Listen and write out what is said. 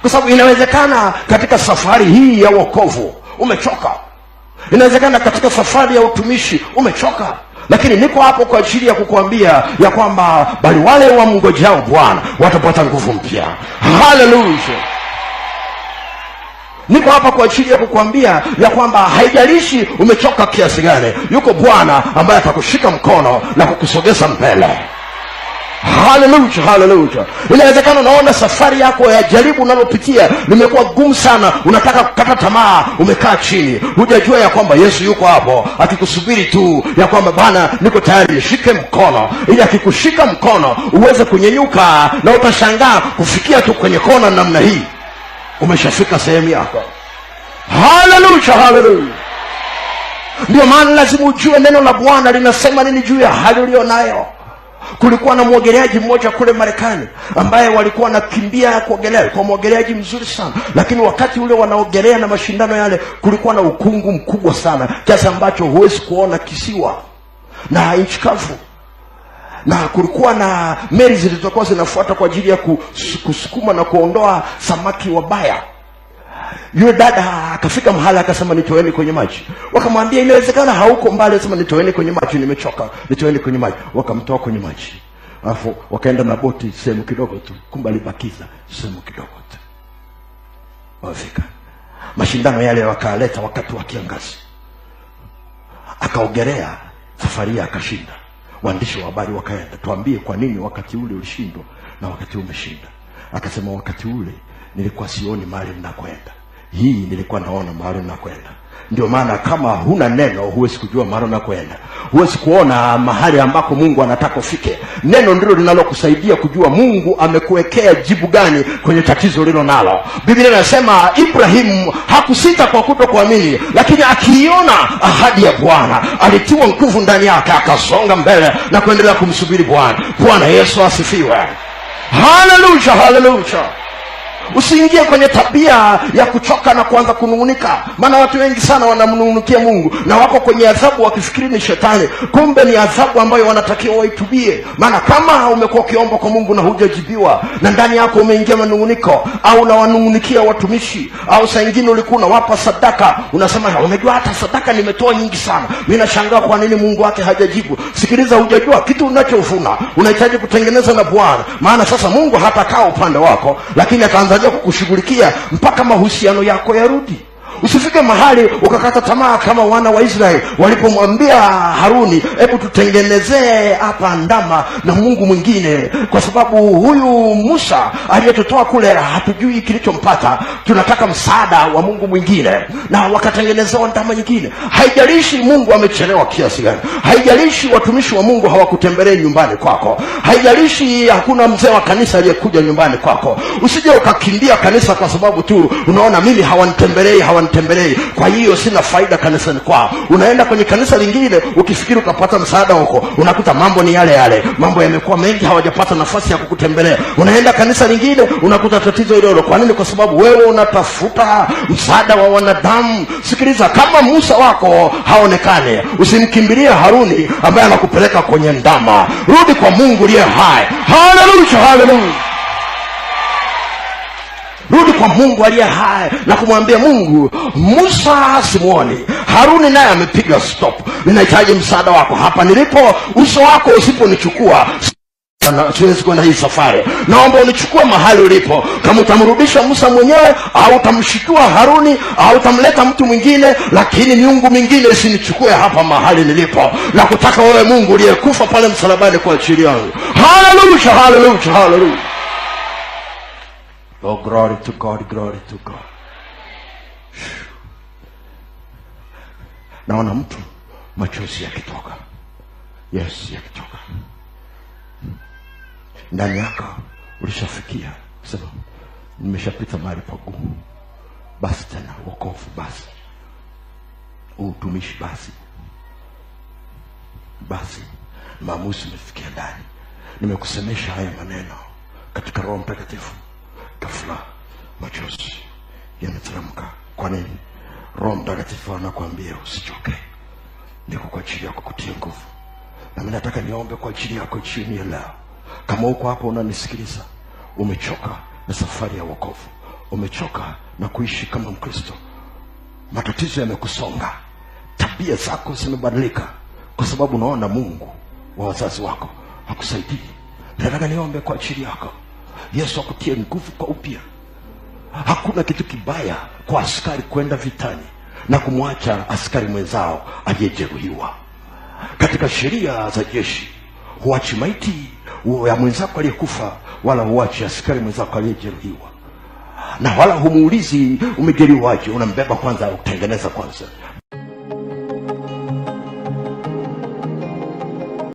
kwa sababu inawezekana katika safari hii ya wokovu umechoka, inawezekana katika safari ya utumishi umechoka, lakini niko hapo kwa ajili ya kukuambia ya kwamba bali wale wamngojao Bwana watapata nguvu mpya. Haleluya! Niko hapa kwa ajili ya kukuambia ya kwamba haijalishi umechoka kiasi gani, yuko Bwana ambaye atakushika mkono na kukusogeza mbele. Haleluya, haleluya. Inawezekana unaona safari yako ya jaribu unalopitia limekuwa gumu sana, unataka kukata tamaa, umekaa chini, hujajua ya kwamba Yesu yuko hapo akikusubiri tu, ya kwamba bana niko tayari, nishike mkono, ili akikushika mkono uweze kunyenyuka, na utashangaa kufikia tu kwenye kona namna hii, umeshafika sehemu yako. Haleluya, haleluya. Ndio maana lazima ujue neno la Bwana linasema nini juu ya hali uliyo nayo. Kulikuwa na mwogeleaji mmoja kule Marekani ambaye walikuwa wanakimbia kuogelea, kwa mwogeleaji mzuri sana, lakini wakati ule wanaogelea na mashindano yale, kulikuwa na ukungu mkubwa sana kiasi ambacho huwezi kuona kisiwa na nchi kavu, na kulikuwa na meli zilizokuwa zinafuata kwa ajili ya kusukuma na kuondoa samaki wabaya yule dada akafika mahala akasema, nitoeni kwenye maji. Wakamwambia inawezekana hauko mbali, sema nitoeni kwenye maji, nimechoka, nitoeni kwenye maji. Wakamtoa kwenye maji, alafu wakaenda na boti sehemu kidogo tu, kumbe alibakiza sehemu kidogo tu. Wafika mashindano yale, wakaleta wakati wa kiangazi, akaogerea safari ya akashinda. Waandishi wa habari wakaenda, tuambie kwa nini wakati ule ulishindwa na wakati umeshinda. Akasema wakati ule nilikuwa sioni mahali mnakoenda hii nilikuwa naona mahali nakwenda. Ndio maana kama huna neno huwezi kujua mahali unakoenda, huwezi kuona mahali ambako Mungu anataka ufike. Neno ndilo linalokusaidia kujua Mungu amekuwekea jibu gani kwenye tatizo lilo nalo. Biblia inasema Ibrahimu hakusita kwa kuto kuamini, lakini akiiona ahadi ya Bwana alitiwa nguvu ndani yake, akasonga mbele na kuendelea kumsubiri Bwana. Bwana Yesu asifiwe! Haleluya, haleluya! Usiingie kwenye tabia ya kuchoka na kuanza kunung'unika, maana watu wengi sana wanamnung'unikia Mungu na wako kwenye adhabu wakifikiri ni shetani, kumbe ni adhabu ambayo wanatakiwa waitubie. Maana kama umekuwa ukiomba kwa Mungu na hujajibiwa na ndani yako umeingia manung'uniko, au unawanung'unikia watumishi, au saa ingine ulikuwa unawapa sadaka, unasema unajua, hata sadaka nimetoa nyingi sana, mi nashangaa kwa nini Mungu wake hajajibu. Sikiliza, hujajua kitu unachovuna, unahitaji kutengeneza na Bwana, maana sasa Mungu hatakaa upande wako, lakini ataanza kukushughulikia mpaka mahusiano yako yarudi. Usifike mahali ukakata tamaa kama wana wa Israeli walipomwambia Haruni, hebu tutengenezee hapa ndama na Mungu mwingine, kwa sababu huyu Musa aliyetutoa kule hatujui kilichompata, tunataka msaada wa Mungu mwingine. Na wakatengenezewa ndama nyingine. Haijalishi Mungu amechelewa kiasi gani, haijalishi watumishi wa Mungu hawakutembelea nyumbani kwako, haijalishi hakuna mzee wa kanisa aliyekuja nyumbani kwako, usije ukakimbia kanisa kwa sababu tu unaona mimi hawanitembelei hawan haumtembelei, kwa hiyo sina faida kanisani kwao. Unaenda kwenye kanisa lingine ukifikiri utapata msaada huko, unakuta mambo ni yale yale, mambo yamekuwa mengi, hawajapata nafasi ya kukutembelea. Unaenda kanisa lingine unakuta tatizo hilo hilo. Kwa nini? Kwa sababu wewe unatafuta msaada wa wanadamu. Sikiliza, kama Musa wako haonekane, usimkimbilie Haruni ambaye anakupeleka kwenye ndama. Rudi kwa Mungu liye hai. Haleluya, haleluya rudi kwa Mungu aliye hai na kumwambia Mungu, Musa simuoni, Haruni naye amepiga stop, ninahitaji msaada wako hapa nilipo. Uso wako usiponichukua siwezi kwenda hii safari. Naomba unichukua mahali ulipo. Kama utamrudisha Musa mwenyewe au utamshikua Haruni au utamleta mtu mwingine, lakini miungu mingine isinichukue hapa mahali nilipo. na kutaka wewe Mungu uliyekufa pale msalabani kwa ajili yangu. Haleluya, haleluya, haleluya. Oh, glory to God, glory to God. Naona mtu machozi yakitoka, yes, yakitoka ndani yako. Ulishafikia sema, nimeshapita mahali pagumu, basi tena wokovu, basi utumishi, basi basi maamuzi, nimefikia ndani, nimekusemesha haya maneno katika Roho Mtakatifu ghafla machozi yameteremka. Kwa nini? Roho Mtakatifu anakuambia usichoke, niko kwa ajili yako kutia nguvu. Nami nataka niombe kwa ajili yako chini ya leo. Kama uko hapo unanisikiliza, umechoka na safari ya wokovu, umechoka na kuishi kama Mkristo, matatizo yamekusonga, tabia zako zimebadilika kwa sababu unaona Mungu wa wazazi wako hakusaidii. Nataka niombe kwa ajili yako. Yesu akutie nguvu kwa upya. Hakuna kitu kibaya kwa askari kwenda vitani na kumwacha askari mwenzao aliyejeruhiwa. Katika sheria za jeshi, huachi maiti ya mwenzako aliyekufa, wala huachi askari mwenzako aliyejeruhiwa, na wala humuulizi umejeruhiwaje. Unambeba kwanza, ukutengeneza kwanza,